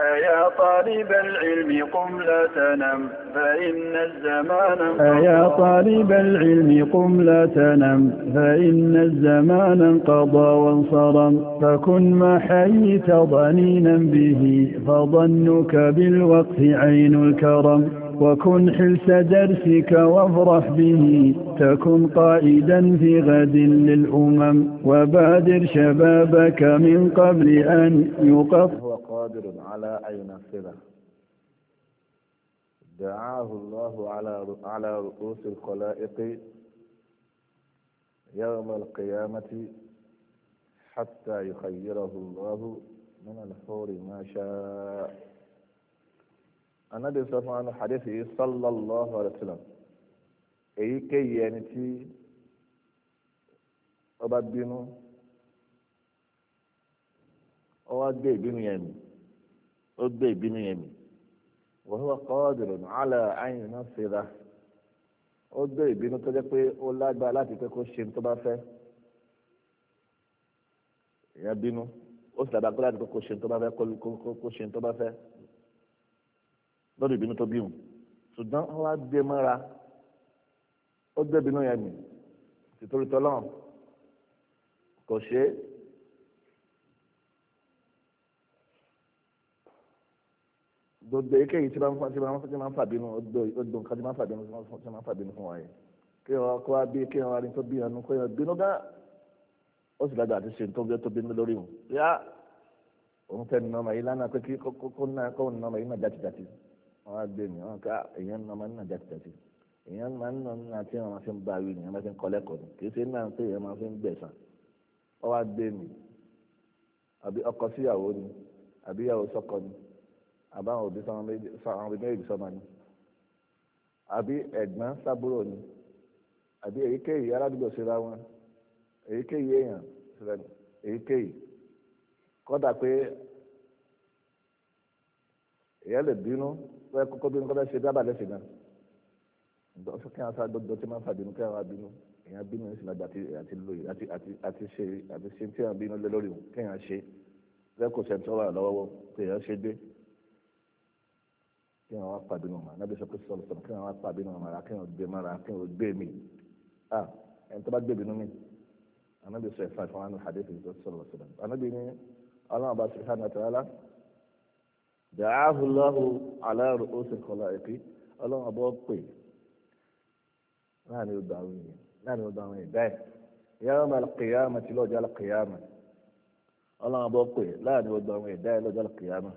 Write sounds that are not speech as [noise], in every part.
أيا طالب العلم قم لا تنم فإن الزمان أيا طالب العلم قم لا تنم فإن الزمان انقضى وانصرم فكن ما حييت ضنينا به فظنك بالوقت عين الكرم وكن حلس درسك وافرح به تكن قائدا في غد للأمم وبادر شبابك من قبل أن يقطع قادر على أن ينفذه دعاه الله على على رؤوس الخلائق يوم القيامة حتى يخيره الله من الحور ما شاء النبي صلى الله عليه وسلم إيه؟ صلى الله عليه وسلم أي كي tí أبدينه أو ọwọ́ gbé ìbínú ó gbé ìbínú yẹn mì wa huwa qadirun ala an yunfidha ó gbé ìbínú tó jẹ́ pé ó lágbára láti pé kó ṣe tó bá fẹ́ ìyẹn bínú ó sì dàgbà láti pé kó ṣe tó bá fẹ́ kó ṣe tó bá fẹ́ lórí ìbínú tó bíhùn ṣùgbọ́n wọ́n á gbé mọ́ra ó gbé ìbínú yẹn mì tìtorí tọ́lọ́run kò ṣe é. gbogbo èkéyìí tí máa ń tí máa ń tí máa ń fàbínú odò nǹkan tí máa ń fàbínú tí máa ń fàbínú fún wa yẹn kí wọn kó wa bí kí wọn arin tó bí ẹnu kó yẹn bínú gán ó sì lágbàá àti ṣe tó bí tó bínú lórí wọn yá òun fẹ́ nínú ọmọ yìí lánàá pé kí kó nínú kó nínú ọmọ yìí náà jàtìjàtì wọn á gbé mi wọn ká èèyàn nínú ọmọ yìí náà jàtìjàtì èèyàn máa ń nínú náà tí wọn fi ń bá wí ni wọn fi ń kọlẹ́kọ̀ọ́ ni kì í ṣe náà pé èèyàn máa fi ń gbẹ̀sán wọn wá gbé mi àbí ọkọ síyàwó ni àbí ìyàwó sọ́kọ ni àbáwọn òbí sáwọn méjèèjì sọmọ ni àbí ẹ̀gbọ́n sábúrò ni àbí èyíkéyìí aládùúgbò síra wọn èyíkéyìí èèyàn síra ni èyíkéyìí kódà pé èèyàn lè bínú wọ́n kókó bínú kọ́dà ṣe dábàá lẹ́sìn náà dọ́sọ́ kí wọ́n sá gbọ́dọ̀ tí wọ́n fà bínú kí wọ́n bínú èèyàn bínú ní sinadà àti lóye àti àti àti ṣe àti ṣe tí wọ́n bínú lé lórí kí wọ́n ṣe lẹ́kọ̀ọ́ sẹ́ńtọ́ wà lọ́wọ́ kí wọ́n ṣe dé kí wọn wá pàdé mọ màá nábì sọ pé sọlọ sọlọ kí wọn wá pàdé mọ màá kí wọn gbé mara kí wọn gbé mi ah ẹni tó bá gbé bínú mi anábì sọ ẹfà fún wọn hadith sọ sọlọ sọlọ anábì ní ọlọ́run bá sọlọ hàn àtàlá dàáhùn lọ́hùn aláàrú ó sì kọlá ẹ̀kí ọlọ́run ọbọ̀ pè láàrin odò àwọn èèyàn láàrin odò àwọn ẹ̀dá ẹ̀ yàrá máa kìyàmà tí lọ́jọ́ àlàkìyàmà ọlọ́run ọbọ̀ pè láàrin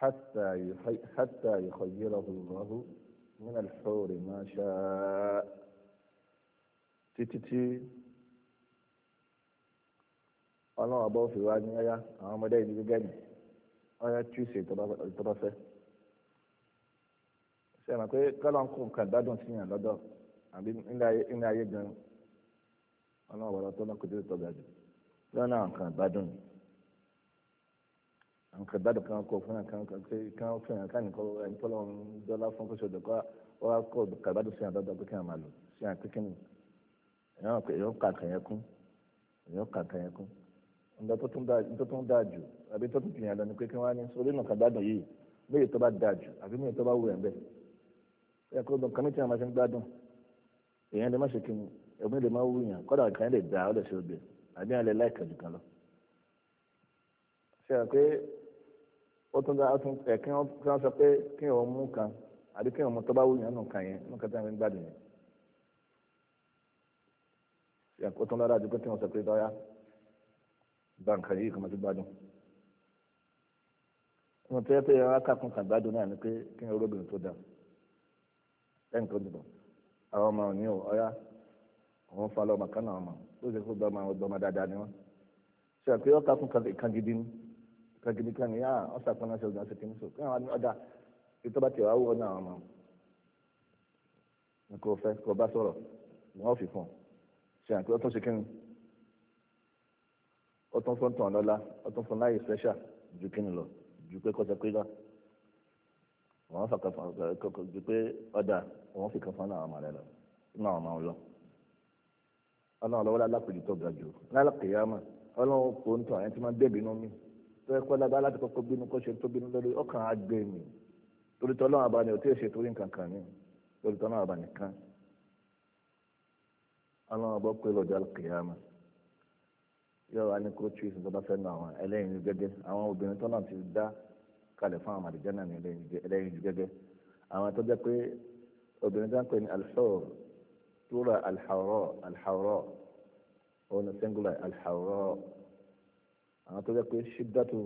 حتى حتى يخيره الله من الحور ما شاء تتتي ọlọ́run ọba òfin wa ní ọyá àwọn ọmọdé yìí gẹ́gẹ́ ní ọyá tíùsì ìtọ́bọ́fẹ́ ṣe mọ̀ pé kọ́lọ́n kò kàn gbádùn sí yàn lọ́dọ̀ àbí nílẹ̀ ayé gan ọlọ́run ọba tó náà kò tó tọ́ga jù lọ́nà kàn gbádùn yìí àwọn kan ìbàdàn kan kọ fún kan kan fún yàn káyìn nìkan ẹni tọ́lọ́ ń dọ́là fún kó ṣe ọ̀dọ̀ kọ́ ọ wá kọ́ kàbádùn sí àdọ́dọ́ pé kí wọ́n máa lò sí àti kíni èèyàn pé èèyàn kà kàn yẹn kún èèyàn kà kàn yẹn kún ǹda tó tún dáa jù àbí tó tún tìyàn lọ ni pé kí wọ́n á ní sórí nù kàbádùn yìí méjì tó bá dáa jù àbí méjì tó bá wù ẹ̀ ń bẹ̀ ẹ̀ kó dùn kàmí tí wọ́n máa ṣe ń gbádùn èèyàn lè má ṣe kíni ẹ̀mí lè má wù yàn kọ́dà kàn lè dáa ó lè ṣe obìnrin àbí àlẹ́ láìka jù kan lọ. ṣé ó tún dáa tún ẹ kí wọn sọ pé kí wọn mú kan àbí kí wọn mú tọ́ba wúyàn nù kan yẹn nù kan tí wọn fi ń gbádùn yẹn ó tún dáa ju pé kí wọn sọ pé lọ́yà báǹkà yìí kò mọ̀ sí gbádùn wọn tẹ́ pé ẹran akákun kan gbádùn náà ni pé kí wọn olóbìnrin tó dà ẹnì kan dùbọ̀ àwọn ọmọ òní ò ọ̀yà òun fa lọ́mọ kan ọmọ ó sì kó gbọ́mọ àwọn dáadáa ni wọn ṣe kagidi kan yá ọ̀sà kan náà ṣe ọ̀gá ṣèkínní so kí wọ́n ọ̀dà ìtọ́ba tí wàá wọ̀ náà ọmọ ní kò fẹ́ kò bá sọ̀rọ̀ wọ́n fi fún un ṣe àǹkí ọtún ṣèkínní ọtún fún tàn lọ́la ọtún fún láyé special ju kínní lọ ju pé kọ́sẹ̀ pé lọ wọ́n fà kan fún ju pé ọ̀dà wọ́n fi kan fún náà ọmọ rẹ lọ náà ọmọ lọ ọlọ́run lọ́wọ́ lálápèjì tó ga jù lálápèjì yá mọ̀ ọlọ́run kò ń tàn ẹni tí máa ń dẹ̀bi náà mí fẹ́ kọ́ lábá láti kọ́kọ́ bínú kọ́ ṣe tó bínú lórí ọkàn àgbẹ̀ mi torí tọ́lọ́ àbáni òtí èṣe torí nǹkan kan ní torí tọ́lọ́ àbáni kan ọlọ́run ọbọ̀ pé lọ́jọ́ kìyàmá yóò wá ní kó tú ìsìn tó bá fẹ́ nu àwọn ẹlẹ́yin ju gẹ́gẹ́ àwọn obìnrin tọ́lọ́ ti dá kalẹ̀ fún àwọn àdìjẹ́ náà ní ẹlẹ́yin ju gẹ́gẹ́ àwọn tó jẹ́ pé obìnrin tó ń pè ní alḥawr tura alḥawrọ̀ alḥawrọ̀ òun ni singular alḥawrọ̀ àwọn tó jẹ́ pé ṣídàtù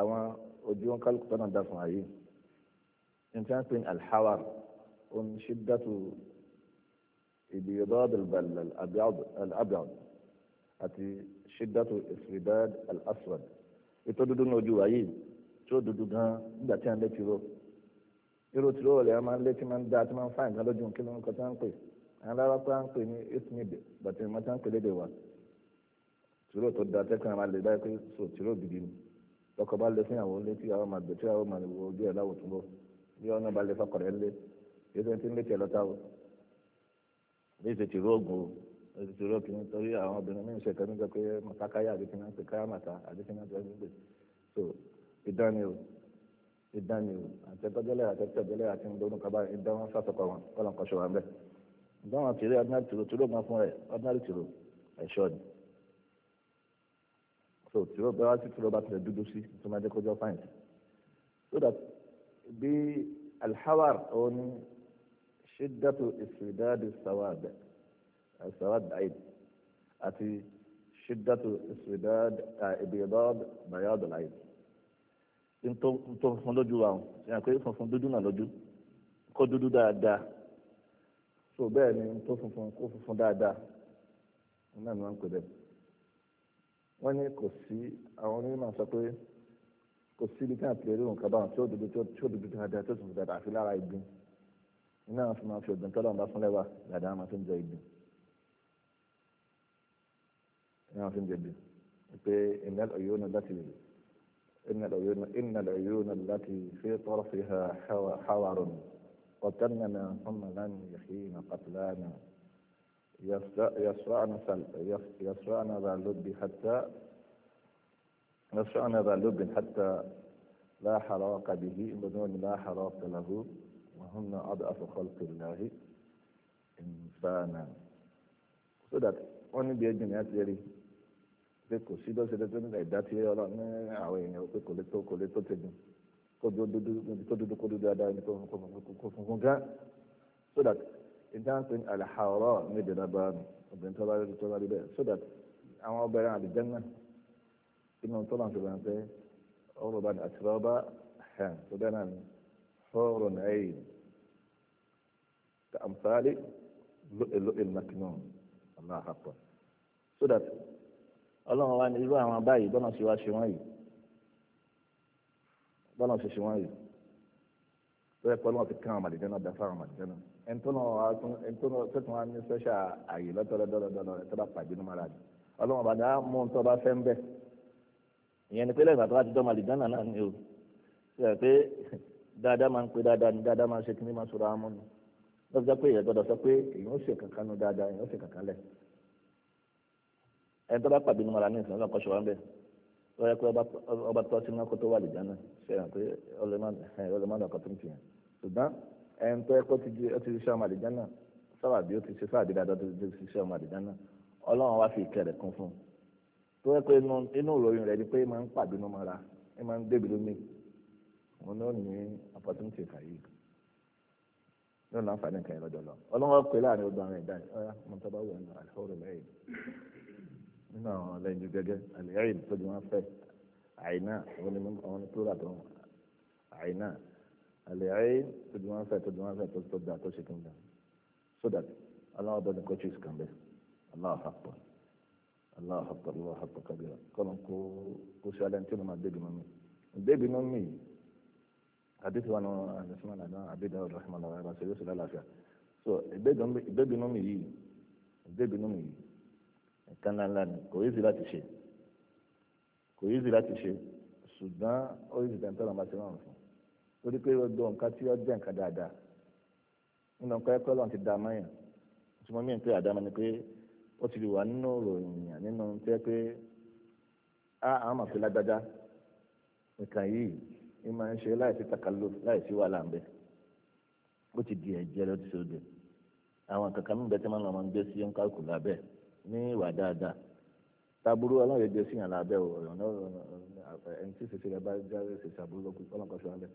àwọn ojú wọn kálukú tọ́nà dá fún ayé nítorí wọn pè ní alhawar ó ní ṣídàtù ìbìyọ̀dọ́ al-abyad àti ṣídàtù ìsìrìdàd al-aswad ètò dúdú ní ojú ayé tí ó dúdú gan nígbà tí wọn létí ró irú tí lóòlẹ̀ wọn máa ń létí máa ń dá tí máa ń fáìn gan lójú kí ló ń kọ́ tí wọ́n pè àwọn alára pé wọ́n ń pè ní ismid bàtí wọ́n ti ń pè lédè wa tìró tó da tẹ́kàn máa lè báyìí pé so tìró gidi ni lọ́kọ bá lé fún àwọn létí àwọn màgbẹ́ tí àwọn màgbẹ́ wo ojú ẹ̀ láwọ̀ tó bọ̀ bí ọ̀nà bá lè fọkọ̀rẹ́ lé yóò fẹ́ tí ń lé tiẹ̀ lọ́tà o ní ìṣe tìró oògùn o ní tìró kìíní torí àwọn obìnrin mí ń ṣe kẹ́mí sọ pé màtákáyà àbí kìíní pé káyà màtá àbí kìíní pé ẹni pé so idán ni o idán ni o àtẹtọ́jọ́lẹ̀ àtẹtọ́jọ́lẹ̀ àti ndónú so tìrọ bá sí tìrọ bá tilẹ̀ dúdú sí tó máa jẹ́ kọjá fáyìn so that bí alhawar òun ni ṣídàtò ìsìdáàdì sàwádà sàwádà àyè àti ṣídàtò ìsìdáàdì ìbìyàdọ́ọ̀dì bàyàdọ̀ àyè tó funfun lójú wa o ìyàn pé funfun dúdú náà lójú kó dúdú dáadáa so bẹ́ẹ̀ ni tó kó funfun dáadáa náà ni wọ́n ń pè bẹ́ẹ̀ wọ́n ní kò sí àwọn onímọ̀ sọ pé kò sí ibi tí a pèrè òun kaba tí ó dúdú tí ó dúdú dáadáa tí ó sùn dáadáa àfi lára ìgbín iná àwọn fún ma fi ọ̀gbìn tọ́lọ̀ ń bá fún lẹ́wà dáadáa máa fi ń jẹ ìgbín iná àwọn fi ń jẹ ìgbín pé iná ọ̀yọ́ náà láti iná ọ̀yọ́ náà iná náà láti fi tọ́rọ̀ fi hà hàwárọ̀ ọ̀tẹ́nìyàn fún màlánì yìí nà pàtàlánì. يسرعن يسرعن ذا اللب حتى يسرعن ذا اللب حتى لا حراق به بدون لا حراق له وهن أضعف خلق الله إنسانا so that wọ́n níbi ẹjọ́ ní àti ẹ̀rí pé kò sí lọ́sẹ̀ tó nígbà ìdá tí ọlọ́ ní àwọn èèyàn pé kò lè tó kò lè tó tẹ̀dùn kó dúdú kó dúdú dáadáa ní kó funfun gán so that ìdáhùn àlàhàrọ̀ méje dábà nù obìnrin tó bá rí tó bá so that àwọn obìnrin àdìjẹ́ náà inú tó náà ti bẹ̀rẹ̀ pé ọ̀rọ̀ bá ní àti rọ́bà hàn tó bẹ́ẹ̀ náà ní fọ́ọ̀rọ̀ náà yìí ka amfani lo'il maknun so that ọlọ́run wa ní irú àwọn báyìí bọ́nà ṣe wá ṣe wọ́n yìí bọ́nà ṣe ṣe wọ́n yìí tó yẹ pé ọlọ́run ti kán àwọn màdìjẹ́ náà dá fáwọn màdìjẹ́ náà ẹ̀ńtọ́nà tẹ̀tún wa ní sẹ́ṣà àyè lọ́tọ́lọ́ dọ́lọ́dọ́lọ́ ẹ̀ tọ́ba pàdínú mara ni ọlọ́run bàdá mú un tọ́ba fẹ́ ń bẹ̀ ìyẹn ni pé lẹ́yìn àtọ́wá ti dọ́mọ àlìjánà náà ni o ṣe pé dáadáa máa ń pe dáadáa ni dáadáa máa ń ṣe kí ni máa sọ̀rọ̀ amú ni lọ́sọ̀ pé ìyẹn gbọ́dọ̀ sọ pé èyàn ó ṣe kankan nu dáadáa èyàn ó ṣe kankan lẹ̀ ẹni tó bá pàdínú mara ní ìsìn ọlọ́kọ̀ ṣọwọ́ ń bẹ̀ lọ́yẹ pé tó ẹni tó yẹ kó ti ti ṣe ọmọ àdìjá náà sábà bí ó ti ṣe sáàdì dáadáa ọlọ́run wá fi ìkẹ́ kún fún un tó yẹ pé inú ìròyìn rẹ̀ ni pé máa ń pàbínú mọ́ra máa ń débi lómi òun ní opportunity yóò náà fà ní lọ́jọ́ lọ ọlọ́run pè wọn fẹ́ òun ni plural tó àlẹ́yìn tó di wọn fẹ́ tó di wọn fẹ́ tó tó da tó ṣe kí n da so that aláwọ̀ bọ́ọ̀dù kọ́ chiefs kan bẹ́ aláwọ̀ àpọ̀ aláwọ̀ àpọ̀ aláwọ̀ àpọ̀ kábíyà kọ́nà kó kó ṣe alẹ́ ní tí wọ́n máa débi mọ́mí débi mọ́mí àdìsí wọn àdìsímọ́ àdán àbídá rahman rahman ṣe yóò ṣe lálàáfíà so ìbébi mọ́mí yìí ìbébi mọ́mí yìí nǹkan ńláńlá ni kò yí sí láti ṣe kò yí sí láti ṣe torí pé gbogbo nǹkan tí ó jẹ́ nǹkan dáadáa nínú nǹkan ẹ̀kọ́ lọ́n ti dá a mọ́yàn tí mo mìíràn pé àdámọ́ ni pé ó ti wà nínú ròyìn nínú tẹ́ pé a àwọn máa fi lágbájá nǹkan yìí ni máa ń ṣe láìsí takalo láìsí wàhálà ń ó ti di ẹ̀jẹ̀ ló ti ṣe òde àwọn kankan mi bẹ́ẹ̀ tí wọ́n lọ́ máa ń gbé sí ọ̀nkà kù lábẹ́ ní ìwà dáadáa taburu ọlọ́run yóò gbé sí yàn lábẹ́ ọ̀rọ̀ náà ẹni tí ìṣesí rẹ̀ bá jáde ṣe ṣàbúrò lọ́kùnrin ọlọ́run kan ṣe wọn bẹ́ẹ̀.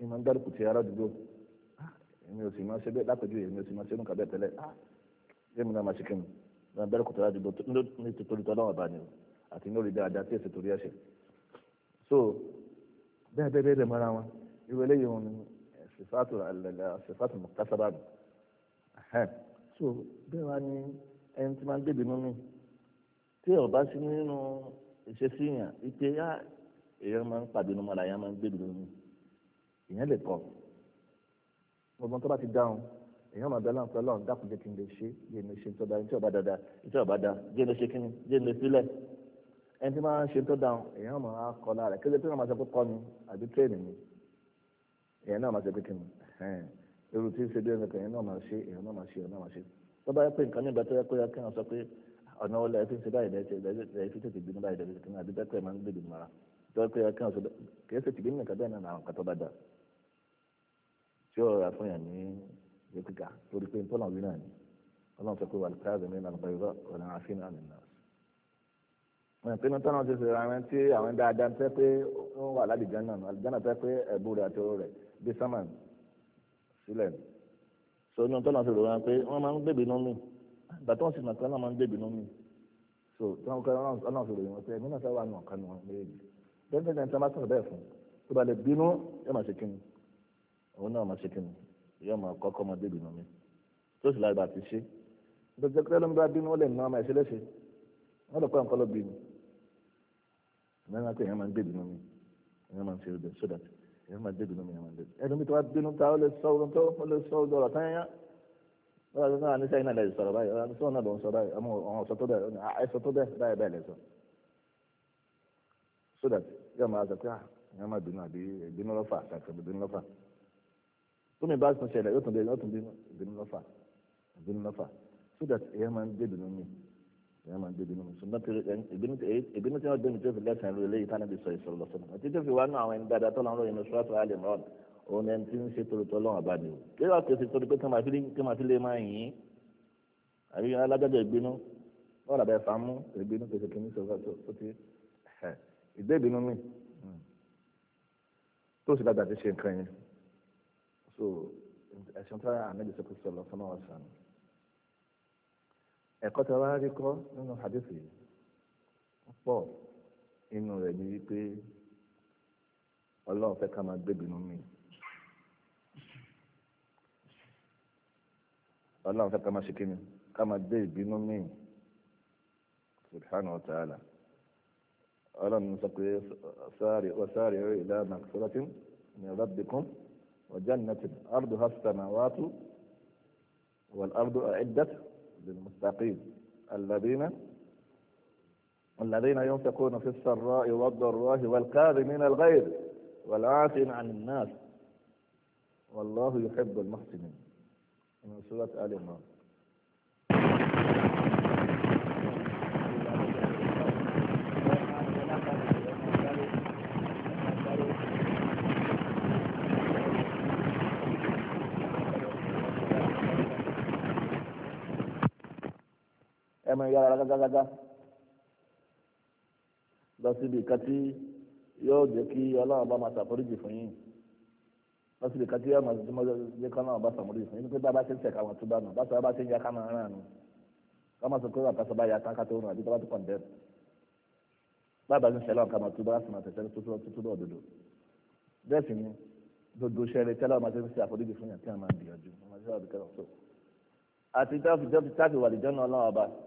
ní máa ń dárò kùtì aládùúgbò ah, èmi ò sì máa ṣe bẹ́ẹ̀ lápẹ̀jù èmi ò sì máa ṣe nǹkan bẹ́ẹ̀ tẹ́lẹ̀ ah, èmi náà máa ṣe kíni máa ń dárò kùtì aládùúgbò nítorí tọ́lá wọn bá ní o àti ní orí dáadáa tí èsì torí ẹ̀ṣẹ̀ so bẹ́ẹ̀ bẹ́ẹ̀ bẹ́ẹ̀ mọ́ra wọn irú eléyìí wọn ni sifatu sifatu muktasaba ni so bẹ́ẹ̀ wá ní ẹni tí máa ń débi nínú tí ọ̀ bá sí nínú ìṣesí yàn ìpè yá èèyàn máa ń pàdé èèyàn lè kọ gbogbo tó bá ti dáhùn èèyàn máa bẹ̀rẹ̀ pẹ̀lú ọ̀hún dákun jẹ́ kí n lè ṣe jẹ́ mi ṣe tó dáa tí ọba dáadáa tí ọba dáa jẹ́ mi ṣe kí ni jẹ́ mi sílẹ̀ ẹni tí máa ń ṣe tó dáhùn èèyàn máa kọ lára kí lè tí wọ́n máa sọ pé kọ́ ni àbí tírèènì ni èèyàn náà máa sọ pé kí ni irú tí ń ṣe bí ẹni kan èèyàn náà máa ṣe èèyàn náà máa ṣe èèyàn náà máa ṣe tó bá yẹ pé nǹkan nígbà tó yẹ pé yẹ kí wọ́n sọ pé ọ̀nà wọlé ẹ̀fí ń ṣe báyìí lẹ́yìn tí tètè bínú báyìí lẹ́yìn tí tètè bínú àbí bẹ́ẹ̀ pẹ́ máa ń gbèdè mọ́ra tó yẹ pé yẹ kí wọ́n sọ kì í ṣe tìbínú nìkan bẹ́ẹ̀ náà àwọn kan tó bá dáa tí ó rà fún yàn ní ìwé kíkà torí pé nítorí àwọn náà ni ọlọ́run sọ pé wà lùkà àgbẹ̀mí náà lọ́gbà ìrọ̀ ọ̀nà àfihàn àmì náà. wọn ìpinnu tọ́nà ti sèrè àwọn tí àwọn dáadáa tẹ́ pé ó wà ládìjọ́ náà àlùjọ́nà tẹ́ pé ẹ̀bù rẹ̀ àti oró rẹ̀ bí sámà sílẹ̀ ni. so inú tọ́nà ti rò wọn pé wọ́n máa ń gbèbí nú mi bàtà wọn sì mọ̀ pé wọ́n máa ń gbèbí nú mi. so tọ́nà ti rò wọn pé mí náà sábà nù ọ̀kan nù wọn méjì òun náà máa ṣe kí ni yóò máa kọ́kọ́ máa débi nù mí tó sì lágbà ti ṣe gbogbo ẹgbẹ́ ló ń bá bínú ó lè nu ọmọ ẹ̀ṣẹ́ léṣe wọ́n lè kọ́ nǹkan ló bí mi lẹ́yìn pé èèyàn máa ń débi nù mí èèyàn máa ń ṣe ọdẹ sódà èèyàn máa débi nù mí èèyàn máa ń débi ẹni tó wá bínú ta ó lè sọ ọdún tó ó lè sọ ọdún ọ̀rọ̀ tányá wọ́n lọ sọ́nà àníṣe ah, iná lẹ́yìn sọ̀rọ̀ báyìí àníṣe ọ̀nà ló ń sọ báyìí àwọn ọ̀sọ̀ tó bẹ̀ ah, ẹ̀sọ̀ tó bẹ̀ báyìí báyìí lẹ́sọ̀ sódà yóò máa sọ pé ah èèyàn máa bínú àbí ìbínú lọ́fà àtàkùn ìbínú lọ́fà tómi bá tún ṣẹlẹ̀ yóò tún bẹ yóò tún bínú lọ́fà bínú lọ́fà so that èèyàn máa ń dé bínú mi èèyàn máa ń dé bínú mi ṣùgbọ́n eh, tí eh, ìbínú tí wọ́n dé mi tó fi lẹ́sìn lórí eléyìí tánàbí sọ ìṣòro lọ́sọ̀nà àti tó fi wá nù àwọn ẹni dáadáa tó lọ́rùn inú ṣúwàtò alẹ́ mọ́ọ̀n òun ẹni tí ń ṣe torotọ́ lọ́wọ́ bá mi o kí wàá kèsì torí pé kí màá fi lè máa yìn àbí alágbàjọ ìbínú wọ́n làbẹ̀ fà á mú ìbínú kèsì kìíní sọ̀rọ̀ tó ti ìdé ìbínú mi hmm. tó sì lágbà ti ṣe nǹkan yẹn so ẹ̀sùn tó yà ànábì sọ́kù sọ̀lọ́ fún àwọn sàn. ẹ̀kọ́ tó wá rí kọ́ nínú hadith yìí pọ̀ inú rẹ̀ ni wípé ọlọ́run fẹ́ ká máa gbé bínú mi. ọlọ́run fẹ́ ká máa ṣe kí ni ká máa gbé ìbínú mi subhanahu wa ta'ala ọlọ́run sọ pé sáàrì ọ̀sáàrì ila magfiratin min rabbikum. وجنة أرضها السماوات والأرض أعدت للمستقيم الذين الذين ينفقون في السراء والضراء والكاظمين الغيظ والعافين عن الناس والله يحب المحسنين من سورة آل عمران kẹ́mọ yára gágágágá lọ síbi ìka tí yóò jẹ́ kí ọlọ́run bá máa ṣàforíjì fún yín lọ síbi ìka tí yóò máa jẹ́ kí ọlọ́run bá ṣàforíjì fún yín nítorí bá bá ṣe ń ṣẹ̀ka wọn tó bá nù bá sọ bá ṣe ń ya ká máa rán àánú ká máa sọ pé wà tásọ bá ya tán ká tó rùn àbí tó bá tó kàn dẹ́ bàbá ń ṣẹlẹ̀ ọ̀ká máa tó bá sì máa tẹ̀sẹ̀ tó tó bá òdodo bẹ́ẹ̀ sì ni gbogbo ṣẹlẹ̀ tẹ́lẹ̀ ọmọ tó ṣe àforíjì fún yàn tí wọ́n máa ṣe àforíjì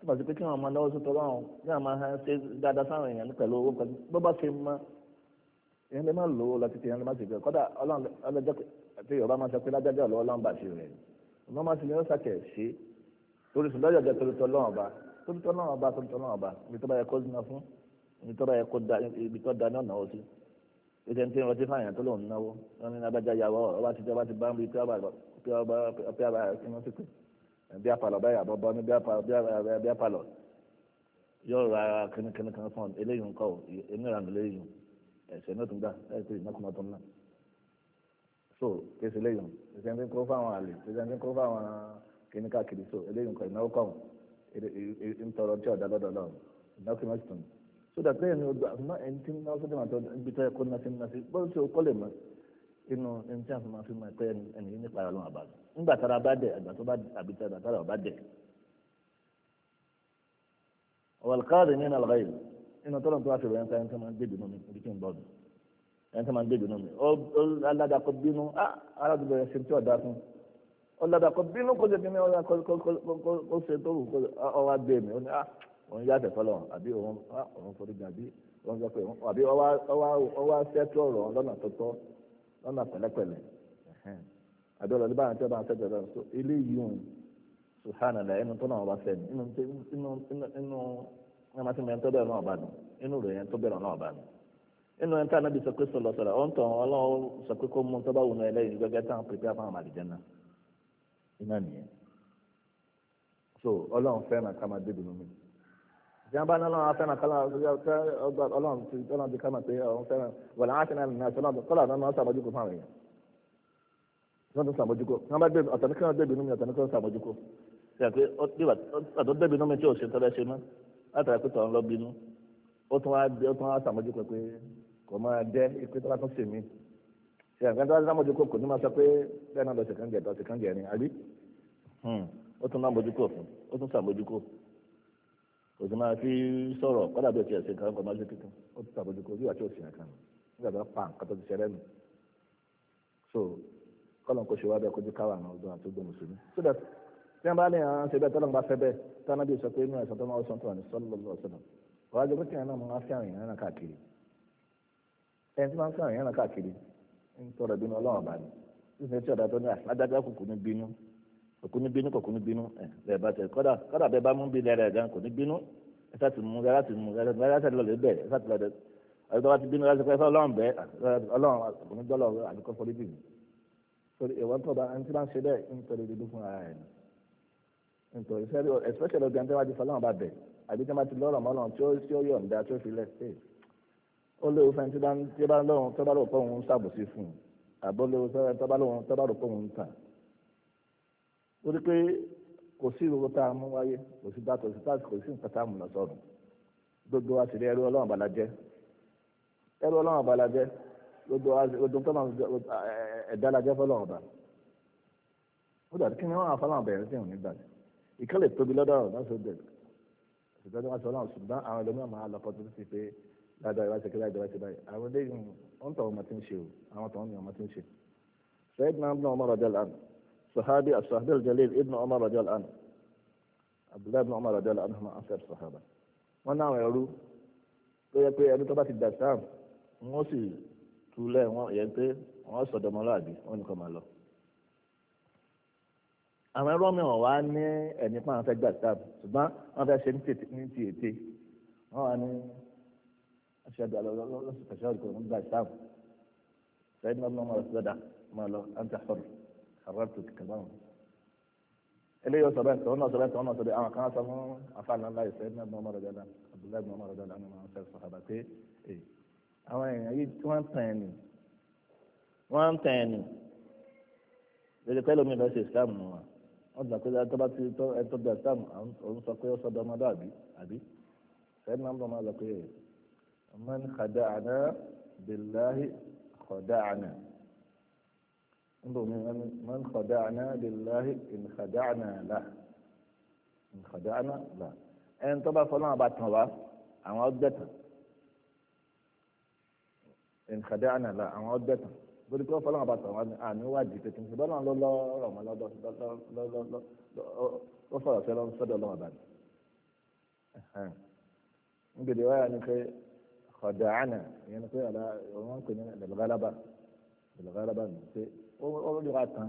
nítorí pé kí wọn máa lọ́wọ́ sí tọ́lọ́ àwọn kí wọn máa ṣe dáadáa sáwọn èèyàn pẹ̀lú owó pẹ̀lú bó bá ṣe mọ èèyàn lè má lò ó lọ títí èèyàn lè má ṣe bẹ́ẹ̀ kọ́dà ọlọ́jọ́ pé Yorùbá máa sọ pé lájájá ọ̀lọ́ ọlọ́run bá ṣe rẹ̀ ọmọ máa ṣe ní ọ̀sà kẹ̀ ṣe torí sùn lọ́jọ́ jẹ́ torítọ́ lọ́wọ́n ọba torítọ́ lọ́wọ́n ọba torítọ́ lọ́wọ́n ọba ibi tó bá yẹ kó ná fún ibi tó bá yẹ kó da ibi tó da ní ọ̀nà ó sí ètò ẹni tí wọ́n tó lòun náwó wọn ní abájá yàwó ọba ti jọba ti bá ń bi pé ọba pé pè bíá palọ̀ báyà bọ́bọ́ ní bíá palọ̀ yóò ra kínníkínní kan fún ọ eléyìí nǹkan o èmi ràn léyìí ẹ̀sẹ̀ náà tún gbà ẹ̀sẹ̀ ìnákùnà tó ń ná so kéṣe léyìí ẹ̀sẹ̀ ń kó fáwọn àlè ẹ̀sẹ̀ ń kó fáwọn kínní káàkiri so eléyìí nǹkan ìnáwó kàn ń tọrọ tí ọ̀dà lọ́dọ̀ lọ́wọ́ ìnáwó kí n má ti tàn so dàtẹ́yìn ni ó gbà ẹni tí ń náwó sódì inú ẹni tí a fi máa fi máa pẹ́ ẹni yìí nípa ọlọ́run àbá nígbà tára bá dẹ̀ àgbà tó bá àbí tára tára ọba dẹ̀. ọ̀wọ̀lùkárì ní ìnàlọ́gà yìí inú tọ́lọ̀ tó wá fi ròyìn káyọ̀ tó máa ń dé ìdùnnú mi ibi tí ń bọ̀ mi ẹni tó máa ń dé ìdùnnú mi ó ládàkọ bínú aládùúgbò ẹ̀ ṣe tí ọ̀dà fún ó ládàkọ bínú kó ṣe kí ni ó ṣe tó wù ó wá gbé mi ó ní ah, òun yá àtẹ̀fọ́lọ̀ àbí òun ah, forí gbà àbí òun jẹ́ pé àbí ọwá ṣẹ́tù ọ̀rọ̀ lọ́nà tó tọ́ lọ́nà pẹ̀lẹ́pẹ̀lẹ́ àdọ́lọ́ ní báyìí tí wọ́n bá ń sẹ́jọ́ lọ́nà tó eléyìí òun sùhánà lẹ̀ inú tó náà wá sẹ́ni inú inú inú ẹ̀ma tí mẹ́rin tó bẹ̀rẹ̀ náà bá nù inú rẹ̀ yẹn tó bẹ̀rẹ̀ náà bá inú kó mú tó bá wù náà gbẹgbẹ́ náà iná nìyẹn jàmbá náà lọ́wọ́ fẹ́ràn kọ́lá ọlọ́run ti ọlọ́run ti kọ́mọ̀ pé ọ̀hún fẹ́ràn wọ̀lá á náà nà na kọ́lá náà fún àwọn èèyàn bá débi ọ̀tọ̀ débi nínú mi ọ̀tọ̀ débi nínú mi tí ṣe ṣe mọ́ pé tọ̀hún lọ bínú ó tún wá pé kò máa dẹ́ tó kò sì máa fi sọ̀rọ̀ kọ́dà bí o ti ẹ̀ ṣe nǹkan kan máa ṣe kíkan ó ti tàbí ojúkọ ojú àti òsì nǹkan nígbà tó pa nǹkan tó ti ṣẹlẹ̀ nù so kọ́lọ̀ kò ṣe wá bẹ́ẹ̀ kójú káwà àwọn ọdún àti ogun mùsùlùmí so that tí wọ́n bá ní àwọn ṣe bẹ́ẹ̀ tọ́lọ́ bá fẹ́ bẹ́ẹ̀ tí wọ́n bí sọ pé inú ẹ̀sán tó máa sọ tó wà ní sọ́lọ́lọ́sọ̀nà wọ́n á jẹ́ pé kíyàn náà máa fi àwọn èèyàn náà ń fi àwọn èèyàn náà kò ní bínú kò ní bínú ẹ bẹ́ẹ̀ bá tẹ kódà kódà bẹ́ẹ̀ bá mú bí lẹrẹ gan kò ní bínú ẹ sá ti mú ẹ sá ti mú ẹ sá ti lọ lè bẹ́ẹ̀ ẹ sá ti lọ ẹ tó bá ti bínú ẹ sọ pé Ọlọ́run bẹ Ọlọ́run kò ní dọlọ àbíkọ fọlíbì mi sori ìwọ tó bá ẹni tí wọn ṣe bẹ́ẹ̀ ń tọrọ ìdílé fún ara ẹ ní nítorí sẹ́rí especially ọgbẹ́ ẹni tí Ọlọ́run bá bẹ̀ àbí tí wọ́n ti lọ́rọ̀ mọ́ Ọlọ́run tí ó tí ó yọ̀ ǹda tí ó fi lẹ̀ ṣe ó léwu fẹ́ni tí bá lọ́run tó bá rò pé òun ń ṣàbòsí fún un àbó léwu fẹ́ni tó bá lọ́run tó òun ń tàn ó rí pé kò sí ìrora tá a mú wáyé kò sí bá tòsí táàsì kò sí nǹkan tá a mú lọ sọ̀rọ̀ gbogbo àṣírí ẹrú ọlọ́run àbàlà jẹ́ ẹrú ọlọ́run àbàlà jẹ́ gbogbo gbogbo tó máa ẹ̀dá la jẹ́ fọlọ́run ọba ó dàbí kí ni wọ́n àfọlọ́run bẹ̀rẹ̀ sí ìrìn nígbà tí ìkẹ́ lè tóbi lọ́dọ̀ ọ̀rọ̀ lọ́sọ̀ dẹ̀ ṣùgbọ́n tí wọ́n sọ ọlọ́run صحابي الصحابي الجليل ابن عمر رضي الله عنه عبد الله بن عمر رضي الله عنهما أكثر الصحابة wọn náà ẹrú tó yẹ pé ẹni tó bá ti dà sáà wọn sì túlẹ̀ wọn yẹn pé wọn sọdọmọlúàbí wọn nìkan máa lọ. àwọn ẹrọ mìíràn wá ní ẹni pa àwọn fẹ́ gbà sáà ṣùgbọ́n wọn fẹ́ ṣe ní ti ète wọn wà ní aṣáájú àlọ́ lọ́sùn kàṣáájú kò ń gbà sáà sẹ́yìn náà wọn máa lọ sí ọ̀dà máa lọ àǹtí àfọ̀rọ̀. خربت الكلام اللي هو صباح قلنا صباح قلنا صباح انا كان صباح افعلنا الله يسعدنا ابن عمر رضي الله عبد الله بن عمر رضي الله عنه إيه. يعني من اكثر صحابته اي اوان اي وان ثاني وان ثاني اللي قال لهم بس اسلام نوا قلت لك اذا تبعت تبدا اسلام اقول لك يا صدى ما ده ابي ابي سيدنا عمر ما لك من خدعنا بالله خدعنا انظر من خدعنا لله إن خدعنا له إن خدعنا له ẹni tó bá fọlọ́n àbá tàn wá àwọn ọgbẹ́tàn إن خدعنا له àwọn ọgbẹ́tàn lórí pé fọlọ́n àbá tàn wá ní àní wádìí pé kí n ṣùgbọ́n náà ló lọ ọ̀rọ̀ wọn lọ́dọ̀ ó fọ̀rọ̀ fẹ́ lọ́n sọ́dọ̀ lọ́wọ́ bá mi. ń gbèdè wáyà ni pé خدعنا يعني pé àwọn ọmọ ń pè ní الغلبة الغلبة ni pé. ó lè wá tán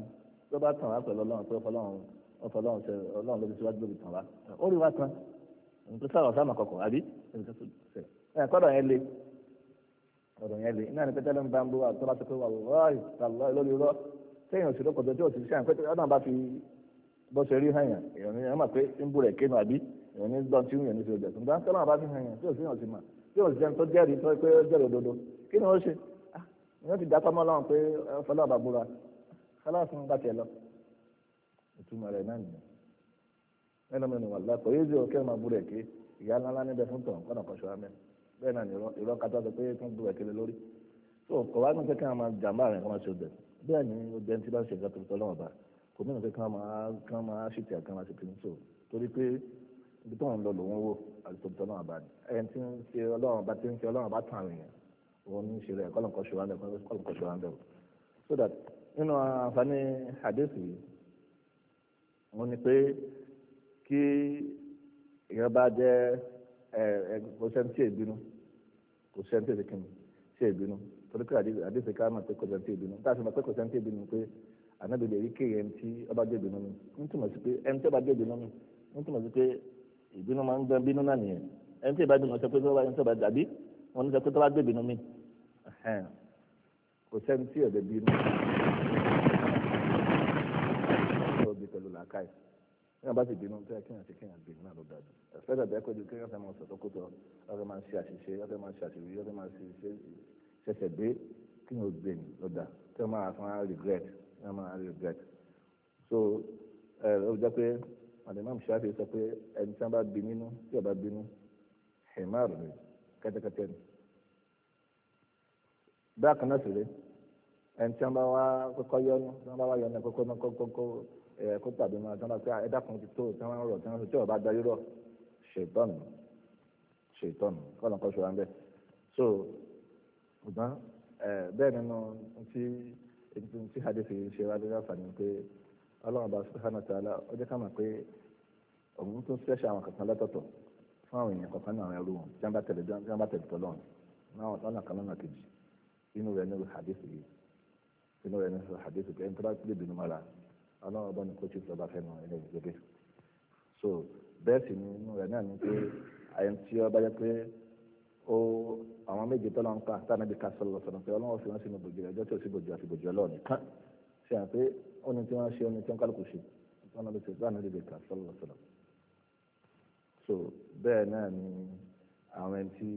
tó bá tàn wá pẹ̀lú ọlọ́run pé ọlọ́run ọlọ́run ṣe ọlọ́run ló síwájú lórí tàn wá ó lè wá tán nǹkan sọ̀rọ̀ sáà máa kọkọ̀ àbí kọ́dọ̀ yẹn le ọ̀dọ̀ yẹn le iná ni pété ń bá ń bó wa tó bá ti pé wà lọ́ọ̀ì lọ́ọ̀ì lórí rọ́ téèyàn òsì lókòtò tí òsì sàn pété ọ̀nà bá fi bó rí hàn yàn èèyàn ní ẹ̀ mà pé ń bú rẹ̀ kéènù àbí èèyàn ní kálásùn bá tiẹ̀ lọ ìtumọ̀ rẹ̀ náà nìyẹn ẹlọmọnì wà lápò yéé zèrò kẹrin máa burú èké ìyá ńlá ńlá níbẹ̀ fún tàn kọ́nà kọ́ṣọ́ amẹ́ bẹ́ẹ̀ náà ìrọ́ kátó sọ pé fún burú èké lórí tó kọ̀ wá nínú kẹ́kẹ́ máa jàmbá rẹ̀ kọ́ máa ṣe ọdẹ bẹ́ẹ̀ ni ọdẹ ti bá ń ṣe ìgbàtọ̀ tọ́lọ́ ọ̀bà kò mí nìkan kán máa ṣètì àkán máa ṣe kí ní tó torí pé ibi tó ń lọ lòun wò àtúntò tọ́lọ́ ọ̀bà ni ẹni tí ń ṣe ọlọ́run bá ti ń ṣe ọlọ́run bá tàn àrùn yẹn òun ní ṣe rẹ̀ kọ́lọ̀ kọ́ṣọ́ amẹ́ kọ́lọ̀ kọ́ṣọ́ amẹ́ o so that nínú àǹfààní hadith yìí wọ́n ní pé kí èèyàn bá jẹ́ kò sẹ́ni tí èbínú kò sẹ́ni tí èbínú tí èbínú torí pé hadith ká mọ̀ pé kò sẹ́ni tí èbínú tá a sì mọ̀ pé kò sẹ́ni tí èbínú pé ànábì lè rí kéèyàn tí ọba jẹ́ ìbínú mi ń túmọ̀ sí pé ẹni tí ọba jẹ́ ìbínú mi ń túmọ̀ sí pé ìbínú máa ń gbọ́n bínú náà nìyẹn ẹni tí ìbá bínú sọ pé tọ́ba ẹni tọ́ba dàbí wọn ní sọ pé tọ́ba gbé ìbínú mi kò sẹ́ni tí ọ̀dẹ̀ bínú mi. làákàyè ní àbá ti bínú tẹ́ kéèyàn ti kéèyàn bínú náà ló dájú ẹ̀fẹ́ dàbí ẹ̀kọ́ ju kéèyàn fẹ́ máa sọ tó kótó ọ̀rẹ́ máa ń ṣe àṣìṣe ọ̀rẹ́ máa ń ṣe àṣìṣe ọ̀rẹ́ máa ń ṣe ṣẹ̀ṣẹ̀ gbé kéèyàn gbé ní ló dá tí wọ́n máa fún regret wọ́n máa regret so ẹ ẹ ó jẹ́ pé àdìmọ́mù ṣáfì sọ pé ẹni tí wọ́n bá bí nínú tí wọ́n bá bínú himar rẹ̀ kẹ́tẹ́kẹ́tẹ́ ni bákan náà sì rẹ̀ ẹni tí wọ́n bá wá kọ́kọ́ yọnu tí wọ́n bá wá yọnu kọ́kọ́ náà kọ́kọ́ ẹ kó pàdé máa tán bá pé ah, ẹ̀dá kan ti tó tán wọn rọ tán wọn tí ọba darí rọ ṣètọ́nù ṣètọ́nù kọ́nà kan ṣọ́ra ń bẹ̀ so ṣùgbọ́n bẹ́ẹ̀ nínú ti ti hadithi ṣe wá lórí àǹfààní pé ọlọ́run bá subhanahu wa ta'ala ó jẹ́ ká mọ̀ pé òun tún ṣẹ̀ṣẹ̀ àwọn kankan lọ́tọ̀ọ̀tọ̀ fún àwọn èèyàn kankan náà ẹrú wọn tí wọ́n bá tẹ̀lé tí wọ́n bá tẹ̀lé tọ́lọ́run náà lọ́nà kan lọ́nà kejì ọlọ́run ọba ní kó tí ìjọba fẹ́ mọ ilé ìgbébé so bẹ́ẹ̀ sì ni inú rẹ̀ náà ni pé àyẹn tí ọba jẹ́ pé ó àwọn méje tọ́lọ́ ń pa tánàbí ká sọ́lọ́ sọ̀rọ̀ pé ọlọ́run fi wọ́n sínú bòjì rẹ̀ ọjọ́ tí ò sí bòjì àti bòjì ọlọ́run nìkan ṣe hàn pé ó ní tí wọ́n ṣe ó ní tí wọ́n kálukú ṣe tọ́nà ló ṣe tánàbí ká sọ́lọ́ sọ̀rọ̀ so bẹ́ẹ̀ náà ni àwọn ẹni tí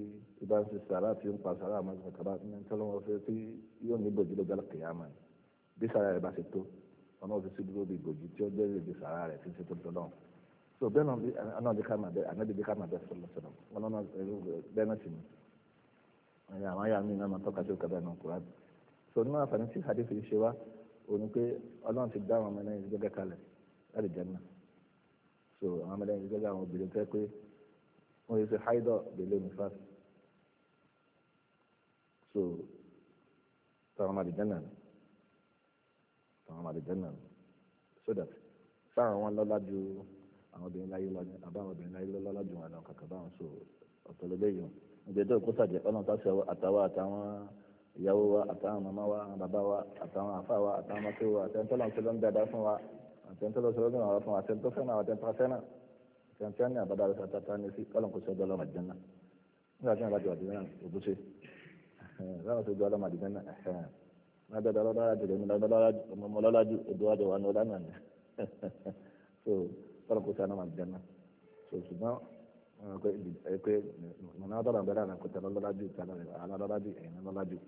ibà ń ṣe sàrà tí ń pa sàrà àmọ́ ìgbà kaba ní tọ́lọ́wọ́ fẹ́ yóò ní bòjì lọ́jọ́ kìyàmá bí sàrà rẹ̀ bá ṣe tó ọmọ òfin sí dúró bí ìbòjì tí ó dẹ́rẹ́ ìdí sàrà rẹ̀ tí ń ṣe tó tọ́ náà so bẹ́ẹ̀ náà bí ká máa bẹ́ẹ̀ ànábì bí ká máa bẹ́ẹ̀ sọ̀rọ̀ sọ̀rọ̀ wọn náà bẹ́ẹ̀ náà sì ni àwọn ayé àmì náà máa tọ́ka sí òkè náà kúrò àbí so nínú àǹfààní tí hadith fi ṣe wá òun pé ọlọ́run ti dá àwọn ọmọ ẹlẹ́yin gẹ́gẹ́ kalẹ̀ láti jẹ́ náà so àwọn ọmọ ẹlẹ́yin gẹ́gẹ́ àwọn obìnrin tẹ́ pé wọ́n yẹ ṣe haidọ̀ délé nífàsì so táwọn ọmọ àdìjẹ́ náà sàwọn àdìjẹ́ náà so that sáwọn wọn lọ́lá ju àwọn obìnrin láyé lọ àbáwọn obìnrin láyé lọ lọ́lá ju wọn lọ kàkà báwọn so ọ̀tọ̀lẹ́lẹ́ yìí ìgbẹ́jọ́ ìkọ́sàjẹ́ ọlọ́run táṣẹ àtàwọn àtàwọn ìyàwó wa àtàwọn màmá wa àwọn bàbá wa àtàwọn àfà wa àtàwọn mọ́tò wa àtẹ̀ntọ́lọ́ ìṣẹ̀lẹ̀ ń dáadáa fún wa àtẹ̀ntọ́lọ́ ìṣẹ̀lẹ̀ ń dáadáa fún wa àtẹ̀ntọ́ fẹ́ràn àwọn àtẹ̀ntọ́ fẹ́ràn àtẹ̀ntọ́ ní àbádá rẹ̀ sàtàtà ní sí ọlọ́run kò sọ́jọ́ ọlọ́run àjẹ́nà nígbà Nada dada lọ́lọ́lá jù lẹ́nu lọ́lọ́lá jù ọmọ ọmọ jù èdè wájú wa ní ọlá náà ni so tọ́lọ̀ kó sànà màá jẹun náà so ṣùgbọ́n pé mọ̀nà tọ́lọ̀ bẹ́ẹ̀ náà kó tẹ lọ́lọ́lá jù tẹ lọ́lọ́lá jù ẹ̀yìn lọ́lá jù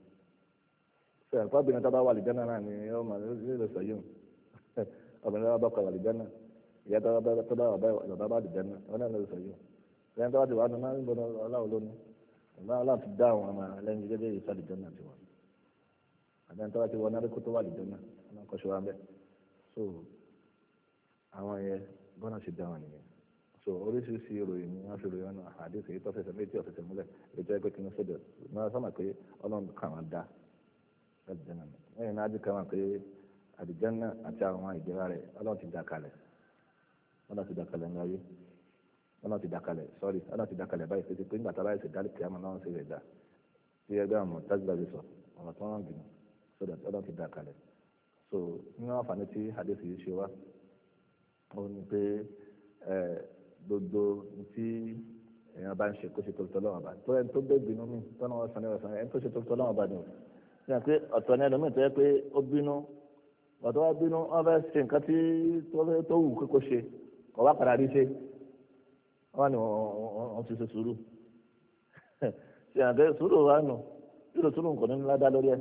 so ẹ̀kọ́ obìnrin tó bá wà lìjẹ́ náà ni ó mà lè sọ yìí obìnrin tó bá kọ̀ wà lìjẹ́ náà ìyá tó bá wà lìjẹ́ náà ó náà lè sọ yìí lẹ́yìn tó bá ti wà nínú ọlọ́run lónìí ọlọ́run ti dá àwọn ọmọ lẹ́yìn àtẹnitọ́ bá ti wọ náà kó tó wà lìjọ náà ọlọ́run kọ́ ṣe wá bẹ́ẹ̀ so àwọn yẹn bọ́nà ṣe dá wọn nìyẹn so oríṣiríṣi ìròyìn ni wọ́n fi ròyìn ọ̀nà àdéhùn èyí tó fẹsẹ̀ méjì ọ̀fẹsẹ̀ múlẹ̀ ètò ẹgbẹ́ kìíní sódò máa sọ́mà pé ọlọ́run kà wọ́n dá ẹ̀jẹ̀ náà lẹ́yìn náà àdìkà wọn pé àdìjẹ́nà àti àwọn ìjẹ́ra rẹ̀ ọlọ́run ti dà kalẹ̀ ọlọ́run ti dà kalẹ̀ ńlá yé ọlọ́run ti dà kalẹ̀ sọ́ọ̀rì ọlọ́run ti dà kalẹ̀ báyìí pé pé nígbà tá a bá yẹ so that ọlọ́run ti dá kalẹ̀ so nínú àǹfààní tí hadith yìí ṣe wá ó ní pé gbogbo tí èèyàn bá ń ṣe kó ṣe tó tọ́lọ́ ọba tó ẹni tó bẹ́ẹ̀ bínú mi tọ́nà wọn sàn ní ọ̀sán ẹni tó ṣe tó tọ́lọ́ ọba ni o ṣe pé ọ̀tọ̀ ni ẹlòmíì tó yẹ pé ó bínú ọ̀tọ̀ wa bínú wọn fẹ́ ṣe nǹkan tí tó wù kó ṣe kọ̀ wá padà rí ṣe wọn ni wọn ti ṣe sùúrù [laughs] ṣe àgbẹ̀ sùúrù wa nù sùúrù sùúrù nǹkan ní ńlá dá lórí ẹ̀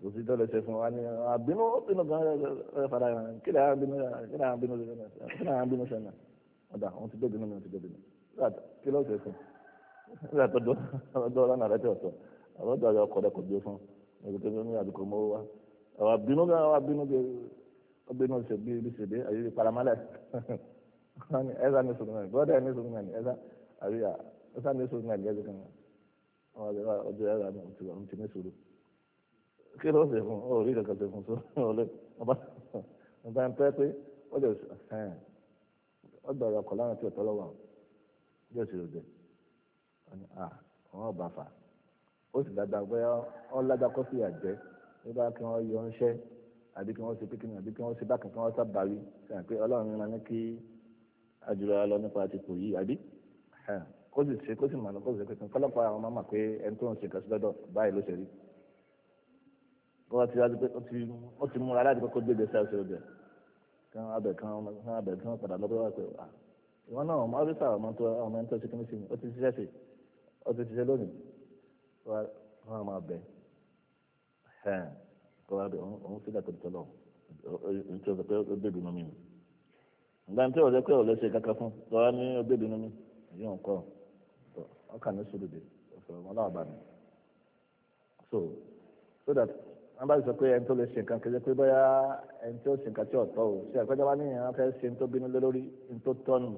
kò sí tọ́lẹ̀ ṣe fún wa ní àbínú bínú gan ẹ fara ẹ kílẹ̀ àwọn bínú kílẹ̀ àwọn bínú kílẹ̀ àwọn bínú sẹ́nà ọ̀dà wọn ti dé bínú wọn ti dé bínú kílẹ̀ ọ̀sẹ̀ fún kílẹ̀ àtọ́jọ́ ọ̀dọ́ ọ̀lànà rẹ̀ ti ọ̀tọ̀ ọ̀dọ́ ọ̀dọ́ ọkọ̀ rẹ̀ kò dé fún ẹ̀kọ́ tó ní àdúgbò mọ́ wa àwọn bínú gan àwọn bínú bí ọbínú ṣe bí ibi ṣe dé àyè paramálẹ̀ ẹ̀sà ní sùn náà bọ́dà ní sùn náà ẹ̀sà àríyá ẹ̀sà ní kí ló ṣe fún orí kankan ṣe fún sórí [laughs] ọlẹ ọba ọba ń pẹ́ pé ọjọ́ ẹ̀hìn ọgbà ọkọ̀ láwọn tí ọ̀tọ́ lọ́wọ́ ọjọ́ ìṣirò jẹ àwọn ọba fà ó sì dáadáa pé ọ ládàá kọ́ sí àjẹ́ nígbà kí wọ́n yọ ọ́nṣẹ́ àbí kí wọ́n ṣe pínpín àbí kí wọ́n ṣe bákan kí wọ́n sábàárí sàn pé ọlọ́run máa ní kí àjùlọ lọ nípa ti kù yìí àbí kó sì ṣe kó sì mọ̀ ní kó sì ṣe pé kí wọ́n fọlọ́pàá àwọn máa mọ̀ pé ẹni tó ń ṣe kàṣí lọ́dọ̀ báyìí ló ṣe rí wọ́n ti wájú pé wọ́n ti múra láti kọ́kọ́ gbégbé sáà ṣòro jẹ kán abẹ kán kán abẹ kán padà lọ́gbẹ́ wá pé à ìwọ náà ọmọ ọ́fíìsà ọmọ tó ọmọ ẹni tó ṣe kíní sí mi ó ti ṣiṣẹ́ sí ó ti ṣiṣẹ́ lónìí wọ́n á máa bẹ̀ ẹ̀ kọ́ wá bẹ̀ òun sílẹ̀ tó tọ́lọ̀ nítorí ọ̀sẹ̀ pé ó gbèbí nù mí nù ìgbà tí ọ̀sẹ̀ pé ọ̀lẹ́ ṣe kankan fún lọ́wọ́ ní ó gbèbí nù mí yóò kọ́ ọkàn ní sùúrù dé ọ̀sẹ̀ ọmọ náà bá mi wọ́n bá sọ pé ẹni tó lè ṣe nǹkan kì í ṣe pé bóyá ẹni tó ṣe nǹkan tí ò tọ́ o ṣe àpẹjọ bá níyàn wọn fẹ́ ṣe ní tó bínú lé lórí ní tó tọ́nu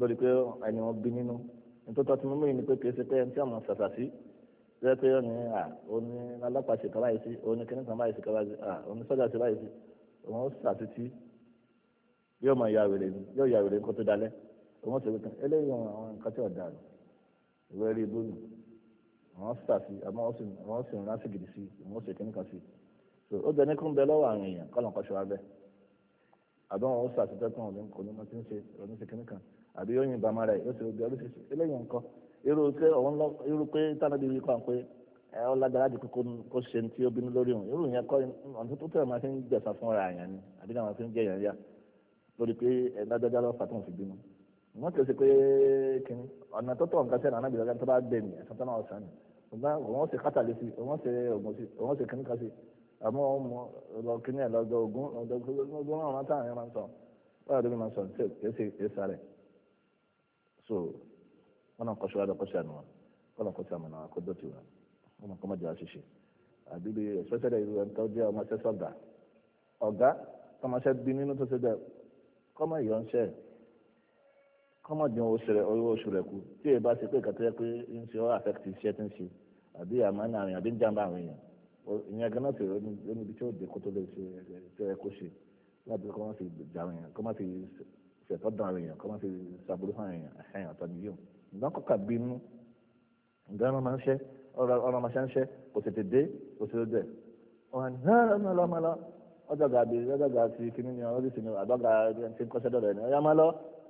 lórí pé ẹni wọn bí nínú ní tó tọ́ tí mo mú yìí ni pé kì í ṣe pé ẹni tí ọmọ ṣàṣà sí ṣe pé ó ní à ó ní alápàá ṣe kaba yìí sí ó ní kíní báyìí ṣe kaba yìí à ó ní sọ́jà ṣe báyìí sí òun ó ṣàtútì yóò mọ ìyá wèrè ni yóò ìyá wèrè kó tó dalẹ̀ òun ó ṣe wípé eléyìí àwọn sà sí àwọn sì ń rán sí gidi sí àwọn sì kíní kan sí so ó bẹ ní kó ń bẹ lọ́wọ́ àwọn èèyàn kọ́ lọ́n kọ́ ṣe wá bẹ́ àbí àwọn sà sí tẹ́kùn ọ̀dún kò ní mo ti ń ṣe ọdún sí kíní kan àbí yóò yìnbọn mara ẹ̀ yóò ṣe obì ọdún sí sí eléyìí nǹkan irú pé òun lọ irú pé tánàbí wí kọ́ pé ẹ ọ lágbára di kókó kó ṣe ní tí ó bínú lórí òun irú yẹn kọ́ ọ̀nà tó tẹ̀ máa fi ń gbẹ̀sán fúnra àyàn ni àbí náà máa fi ń jẹ́ yàn yá lórí wọ́n kì í ṣe pé kìnnì ọ̀nà tó tọ̀ nǹkan sẹ́nu anábì lọ́gán tó bá gbẹ̀ mí ẹ̀sán tó náà sàn ní wọ́n ṣe kátàlẹ́ sí wọ́n ṣe ògùn sí wọ́n ṣe kìnnì kan sí àmọ́ wọn mọ lọ kìnnì ẹ̀ lọ́gọ́ ògùn lọ́gọ́ ògùn náà wọn táwọn yẹn máa ń sọ wọ́n yàrá máa ń sọ ṣe kìí ṣe kìí sáré so wọ́n náà kọ́ṣọ́ adọ́ kọ́ṣọ́ àná wọ́n náà kọ́ṣọ́ àmàlà kó dọ̀tí wọn wọ́n náà kọ́ má jẹ́ àṣìṣe àbíbi especially ìlú ẹ̀ ń tọ́jú ọmọ ṣẹ́ sọ̀gà ọ̀gá tọmọṣẹ́ bí nínú kọ́mọ̀dún owó oṣù rẹ̀ kú tí èyí bá ṣe pé ìkàtọ́ yẹ pé ń ṣe ọ́ àfẹ́kìtì iṣẹ́ tí ń ṣe àbí àmánà àrìn àbí ń jàǹbá àwọn èèyàn ìyẹn gan náà sì ló níbi tí ó dé kótó lè ṣe ṣe ẹ kó ṣe láti kọ́ máa fi jà àwọn èèyàn kọ́ máa fi ṣẹ̀tọ́ dán àwọn èèyàn kọ́ máa fi ṣàbúrú fún àwọn èèyàn ẹ̀hìn àtọ́jú yìí kọ́kà bínú ìgbọ́n máa máa ń ṣẹ́ kò ni ọlọ́dún sí ni àdọ́gà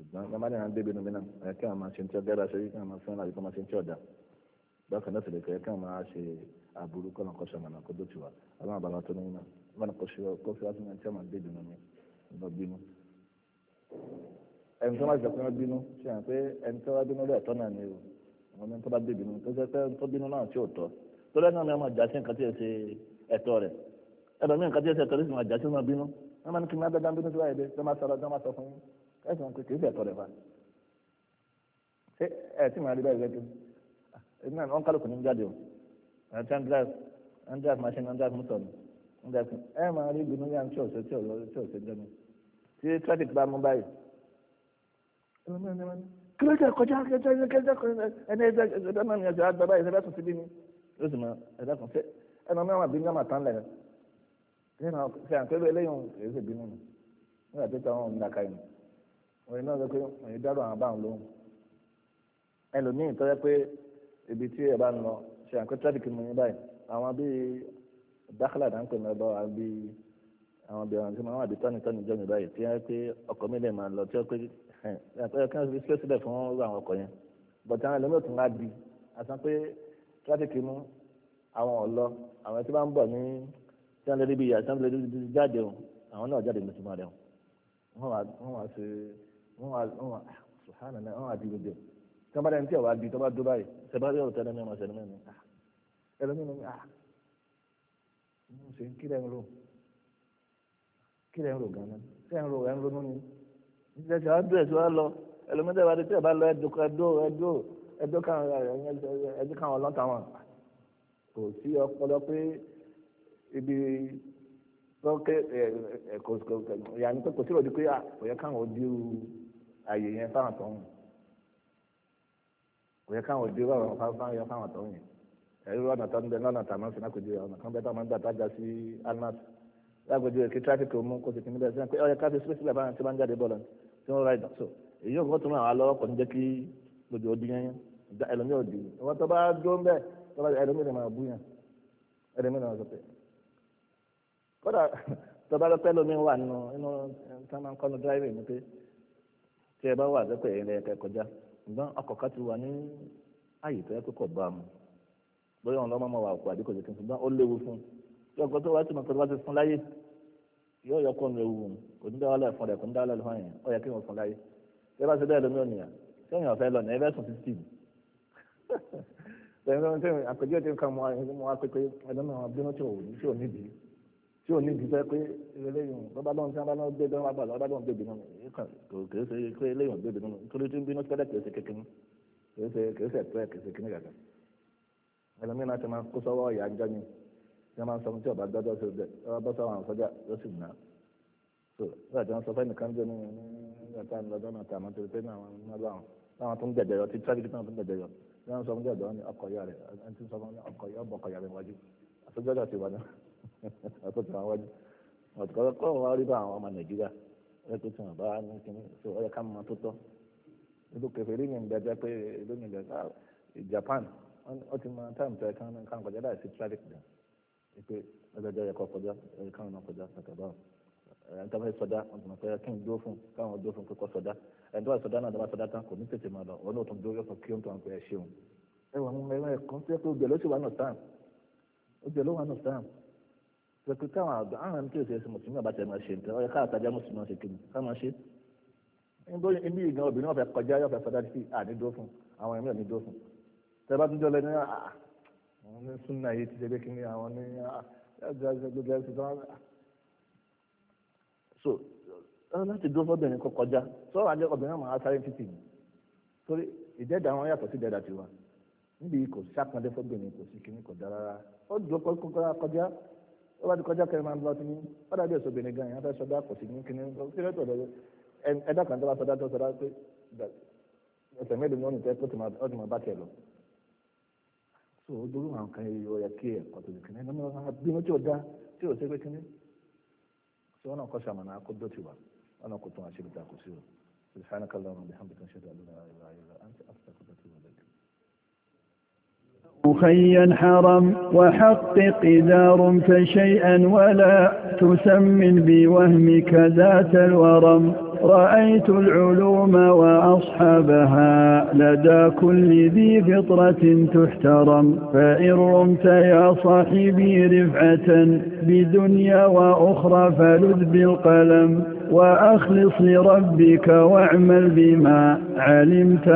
ṣùgbọ́n bá má dẹ̀ náà débi inú mi náà ẹ̀yẹ kí wọ́n máa ṣe ní tí ọ̀gá ẹ̀dá ṣe kí wọ́n máa fẹ́ràn àbí kí wọ́n máa ṣe ní tí ọ̀dà bákan náà sì lè kẹ́yẹ kí wọ́n máa ṣe àbúrú kọ́ náà kọ́ṣọ́ màná kó dó tiwa aláwọ̀ bàbá tó ní iná bá náà kọ́ṣọ́ kọ́ṣọ́ àti ẹni tí wọ́n máa débi inú mi lọ bínú. ẹni tó máa jẹ pé wọ́n bínú ṣe hàn pé ẹni tó bá bínú rẹ̀ tọ́ náà ni o àwọn ẹni tó bá débi inú tó ṣe pé ẹni tó bínú náà tí ò tó lẹ́nu àwọn ọmọ àjà nǹkan tí ẹ ṣe ẹ̀tọ́ rẹ̀ ẹ̀dọ̀ mi nǹkan tí ẹ ṣe ẹ̀tọ́ rẹ̀ sì máa jà sí bínú wọ́n máa ní kí n má dáadáa bínú síwáyé dé tó máa sọ̀rọ̀ tó máa sọ fún yín ẹ̀sùn pé kìí sẹ̀tọ̀ rẹ̀ fa ṣé ẹ̀ tí màá rí báyìí lẹ́tọ́ ẹ̀mí náà wọ́n kálukú ní jáde o ẹ̀tí andras andras machine andras motor ni andras ẹ̀ máa rí ibi níyà tí ọ̀sẹ̀ tí ọ̀sẹ̀ tí ọ̀sẹ̀ jẹ́nu tí traffic bá mú báyìí kílódé kọjá kẹjọ kẹjọ kọjá ẹni ẹjọ ẹjọ náà ni ẹjọ àgbà báyìí ẹjọ tún ti bí mi ó sì máa ẹjọ kan ṣe ẹnu mi àwọn àbíyàn máa tán lẹ ṣe àǹkẹ́rẹ́ eléyìí ẹ̀ṣẹ̀ bínú mi nígbà tó tẹ àwọn òun dàkà yìí òyìn náà sọ pé òyìn dárò àwọn bá ń lóhùn ẹlòmíì tó yẹ pé ibi tí ẹ bá ń lọ ṣe àǹkó traffic mu yín báyìí àwọn bíi dákàlà náà ń pè mí lọ àbí àwọn bíi àwọn tí wọn wà bí tọ́ni tọ́ni jọ mi báyìí tí wọ́n pé ọkọ̀ mi lè máa lọ tí wọ́n pé ẹ̀ kí wọ́n fi space sílẹ̀ fún àwọn ọkọ̀ yẹn bọ̀tí àwọn ẹlòmíì tún wá di àti pé traffic mu àwọn ọ̀lọ́ àwọn tí wọ́n bọ̀ ní tí wọ́n lè rí bí jáde o àwọn náà jáde lọ́sùn máa rẹ̀ o wọ́n wá ṣe wọn sùhánà náà wọn àti gbogbo tí wọn bá dẹni tí ọba bí tí wọn bá dúró báyìí sẹbàárì ọ̀rọ̀ tẹ́lẹ̀ mẹ́rin ọ̀sẹ̀ mẹ́rin ah ẹlẹ́mìí ni ah mo ṣe ń kílẹ̀ ń lò kílẹ̀ ń lò gan-an ṣé ń lò ẹ̀ ń lò nínú ìṣẹ̀ṣẹ̀ ṣe wọ́n dúrẹ̀ sí wọ́n lọ ẹlòmídé wa ti tẹ̀ bá lọ ẹ̀dùn ẹ̀dùn ẹ̀dùn ẹ̀dùn káwọn ẹ̀dùn káwọn ọlọ́ta wọn kò sí ọpọlọ pé ibi lọ́kẹ́ ẹ̀ kò sí ìròyìn pé ah, kò yẹ káwọn ó dírú àyè yẹn fáwọn tó ń kò yẹ káwọn òdi rọrùn fáwọn yẹn fáwọn tó ń yẹn ẹ̀rú ọ̀nà tó ń bẹ lọ́nà tàmọ́ sí lápèjì ọ̀nà kan bẹ́ẹ̀ tó máa ń gbà tájà sí almas lápèjì kí tráfíkì mú kó sì kí níbẹ̀ sẹ́yìn pé ọ̀yẹ́ káfí sípèsì làbáyà tí wọ́n jáde bọ́ọ̀lù tí wọ́n ra ìdá èyí ò gbọ́dọ̀ àwọn alọ́wọ́ kò ní jẹ́ kí gbòdì òdi yẹn ẹlòmíì òdi wọ́n tó bá dó ń bẹ́ẹ̀ tó bá ẹlòmíì máa bú yẹn ẹlòmíì máa sọ kódà [laughs] tó bá lọ pẹ́ lómi wà nínú tẹ́ ẹ bá wà àgbẹ̀pẹ̀ yẹn lẹ́ẹ̀kẹ́ kọjá ṣùgbọ́n ọkọ̀ ká ti wà ní àyè tó yẹ kó kọ̀ bá mu bóyá òun lọ́mọ́ wà òkú àdínkù jẹ́kẹ́ ṣùgbọ́n ó léwu fún un yọkọ̀ tó wà tí mo tọ́ bá ti fún láyé yóò yọkọ̀ ní ewu onídàwálẹ̀ fún rẹ̀ kò nídàwálẹ̀ lọ́wọ́ yẹn ó yẹ kí wọ́n fún láyé tẹ́ bá ti bẹ́ẹ̀ lómi ònìyàn sẹ́yìn tí ò ní ju fẹ́ pé eléyìí bàbá lọ́n tí wọ́n bá gbé bẹ́ẹ̀ wọ́n bá lọ́n bá lọ́n bèbè náà kò kìí ṣe pé eléyìí bèbè náà nítorí tí ń bínú pẹ́lẹ́ kìí ṣe kékeré kìí ṣe kìí ṣe pẹ́ kìí ṣe kíní gàgà ẹlòmíràn náà ti máa kó sọ́wọ́ ìyá ajá ni tí wọ́n máa ń sọ tí ọba gbọ́dọ̀ ṣe bẹ́ẹ̀ ọba bọ́ sọ́wọ́ àwọn sọ́jà ló sì nà so nígbà tí wọ́n sọ fẹ́ẹ́ nìkan jẹ́ ní ẹ̀ta lọ́dọ́ náà tààmù torí pé náà àwọn tó ń dẹ̀dẹ̀ yọ tí traffic náà tó ń dẹ̀dẹ̀ yọ tí wọ́n sọ fún jẹ́ ọ̀dọ́ ní ọkọ̀ yá rẹ̀ ẹni tí ń sọ fún ọkọ̀ yá ti wà náà. [laughs] ọ̀tọ̀ tí wọ́n wájú ọ̀tọ̀ kọ́ wọ́n rí bá àwọn ọmọ nàìjíríà ọ̀rẹ́ tó tún àbá ní kíní so ọ̀rẹ́ ká mọ tó tọ́ Japan ó ti mọ táìmù tó yẹ kán kán kọjá láì sí traffic dàn pé ọjọ́jọ́ yẹ kọ́ kọjá ẹ̀rẹ́ kán náà kọjá kàkàbá ẹ̀rẹ́ tó bá sọdá wọn tún pé kí n dúró fún káwọn dúró fún kókó sọdá ẹ̀rẹ́ tó bá sọdá náà tó bá sọdá tán kò ní tètè máa lọ òun náà tún dúró yọ̀sán kí ó ń tó àwọn pé ẹ ṣeun ẹ̀wọ̀n wà nù sáà ó jẹ ló pẹ̀lú táwọn àgbà àwọn ẹni tí yóò ṣe ẹsẹ̀ mùsùlùmí àbá tẹ̀ máa ṣe nǹkan ọ̀yẹ́ káàtà ajá mùsùlùmí ọ̀ṣẹ̀ kìnnì ká máa ṣe. ibi ìgbọ̀n obìnrin wọn fẹ́ kọjá yóò fẹ́ sọdá sí ànídó fún àwọn ẹ̀mí ànídó fún. tẹ bá tún jọ lẹ́nu àwọn ní súnà yìí ti ṣẹ́gbẹ́ kìnnì àwọn ní so láti dúró fọ́bìnrin kó kọjá sọ́wọ́ àjẹ́ obìnrin máa sáré títì ní torí ìdẹ́dà wọn yàtọ̀ sí ìdẹ́dà tiwa níbi kò sápọn dé fọ́bìnrin kò sí kìnnì kò dára ó dúró kọjá tó bá ti kọjá kẹrin máa ń lọ sí ní ọ̀dà bí ẹ̀sọ́bìnrin gan yẹn fẹ́ sọdá kò sí ní kíní sílẹ̀tọ̀ lọ́wọ́ ẹ̀dá kan tó bá sọdá tó sọdá pé ẹsẹ̀ mẹ́rin ní ọ̀nìtẹ́ tó ti máa bá tiẹ̀ lọ. so ó dúró àwọn kan yìí ó yẹ kí ẹ̀kọ́ tó ti kíní ẹ̀dá máa bínú tí ò dá tí ò sí pé kíní. so ọ̀nà kọ́ sàmànà akódó ti wà ọ̀nà kò tún àṣírí ta kò sí o. subhanakallahumma wa bihamdika ashhadu an la ilaha illa anta astaghfiruka wa atubu أخيا حرم وحقق إذا رمت شيئا ولا تسمن بوهمك ذات الورم رأيت العلوم وأصحابها لدى كل ذي فطرة تحترم فإن رمت يا صاحبي رفعة بدنيا وأخرى فلذ بالقلم وأخلص لربك واعمل بما علمت